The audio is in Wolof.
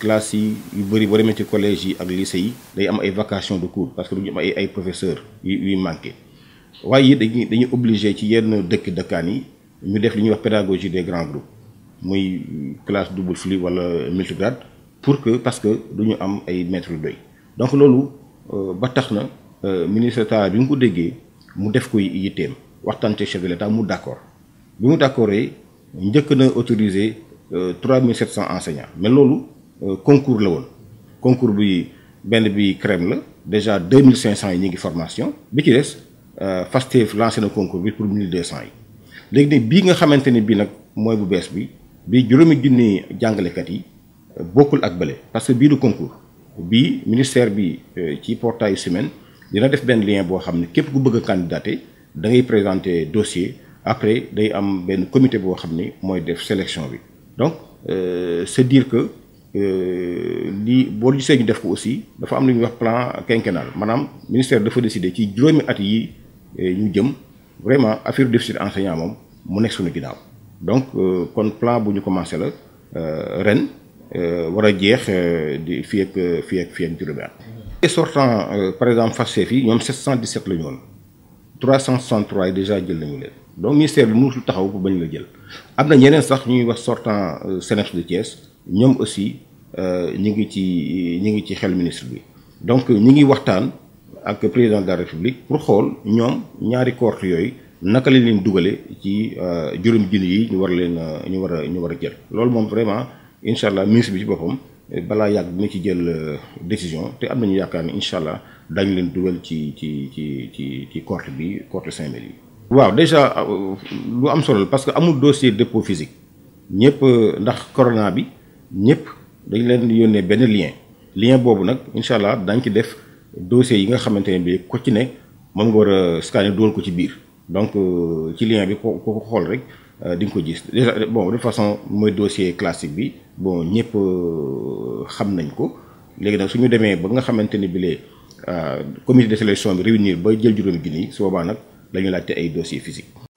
classe yu bari boo demee ci collège yi ak lycée yi day am ay vacation de cours parce que du am ay ay professeurs yu yuy manqué waaye it dañuy dañuy obligé ci yenn dëkk dëkkaan yi ñu def li ñuy wax pédagogie des grands groupes muy classe double flux wala multigrade pour que parce que duñu am ay maîtres doy donc loolu euh, ba tax na euh, ministre ta bi nga ko déggee mu def ko yitteem waxtaan ci chef de l'État mu d'accord bi mu d'accordee njëkk na autoriser 3700 euh, enseignants mais loolu. Euh, concours concours bi ben bi déjà 2500 yi ngi formation bi euh, lancé le concours bi pour 1200. nga xamanteni bi bu bi yi euh, ak parce que concours bi ministère bi ci portail semaine dina def lien bëgg candidater présenter dossier après day am le comité qui donc c'est dire que euh, li bo def aussi dafa am wax plan quinquennal ministère dafa décidé ci at yi euh, vraiment affaire enseignant mu donc euh, kon plan bu ñu commencé la ren et sortant par exemple face yi 717 la ñu 363 déjà jël donc ministère bi bañ la jël ñeneen sax ñuy wax sortant de Thiès ñom aussi euh, ñu ngi ci ñu ngi ci xel ministre bi donc ñi ngi waxtaan ak président de la république pour xol ñom ñaari cohorte yoy naka lañ leen dugale ci euh, juróom junni yi ñu war leen euh, ñu wara ñu wara jël lool mom vraiment inshallah ministre bi ci boppam balaa yàgg dina ci jël décision té am nañu yakkar ni incha allah leen dugal ci ci ci ci ci cohorte bi cohorte saint yi. waaw déjà lu am solo parce que amul dossier dépôt physique ñëpp ndax corona bi. ñëpp dañ leen di yónnee benn lien lien boobu nag incha allah dañ ci def dossier yi nga xamante ne bi ko ci ne moom nga war a scanner dugal ko ci biir donc euh, ci lien bi ko ko xool rek euh, di nga ko gis déjà bon de façon mooy dossier classique bi bon ñëpp euh, xam nañ ko léegi nag ñu demee ba nga xamante ni bi lee comité de sélection bi réunir ba jël juróomi junni yi su boobaa nag lañu ñu laajte ay dossier physique